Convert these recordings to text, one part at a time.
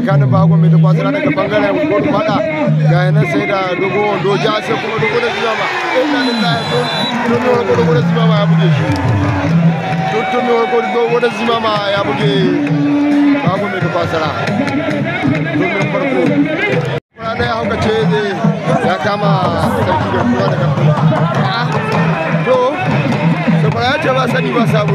tsakanin bago mai da kwasara daga bangaren kotu mada ga yanar sai da dogo wando ja sai kuma dogo da zuwa ba ina da ta dogo da zuba ba ya buge shi tuntun warko dogo da zuwa ba ya buge bago mai da kwasara domin farko kuma na ya hauka ce ya kama sarki da kuma daga to saboda ya ce ba sani ba sabo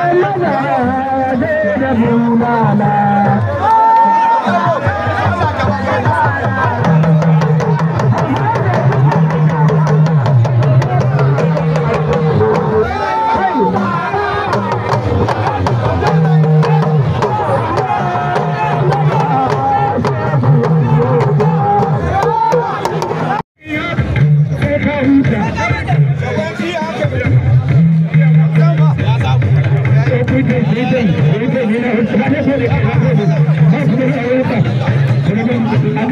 Thank you.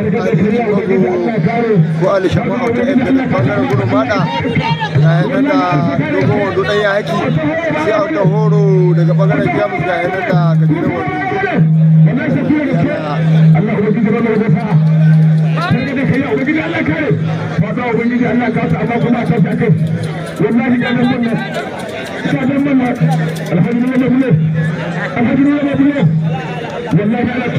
ko ali shafa a wata yan da bangaren gudun bada ga yanar da dogon wando ɗaya yaki sai a ta horo daga bangaren jamus ga yanar da gajeren wando ubangiji Allah Allah ta ka ta kai wallahi ga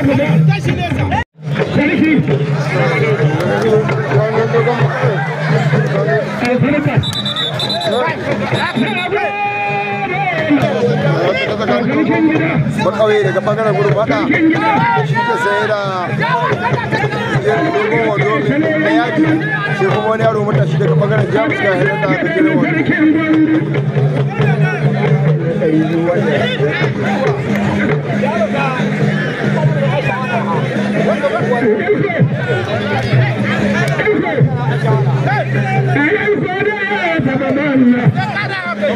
bakawai daga bangaren gudu baka shi kuma wani yaro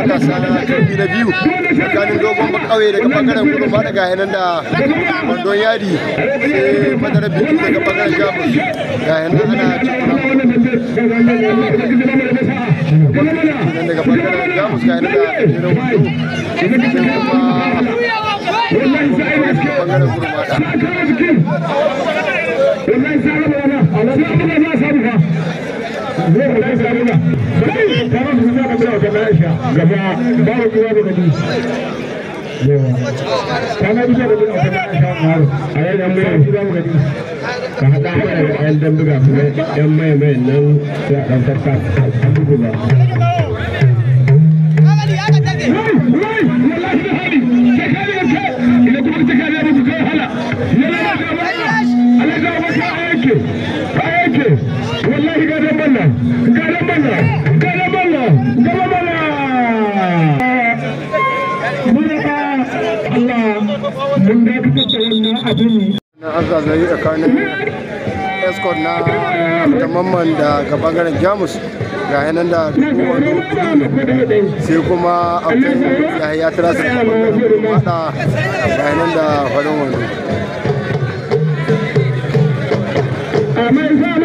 matasa na karfi na biyu tsakanin dogon daga bangaren kudu ma daga da yadi sai madara biyu daga bangaren jamus ga cikin daga bangaren jamus ga da hudu tana kallon gaba dan na an zazzayi tsakanin escort na mamman daga bangaren jamus ga yanan da sai kuma abin ya tara su da bangaren ga yanan da farin wando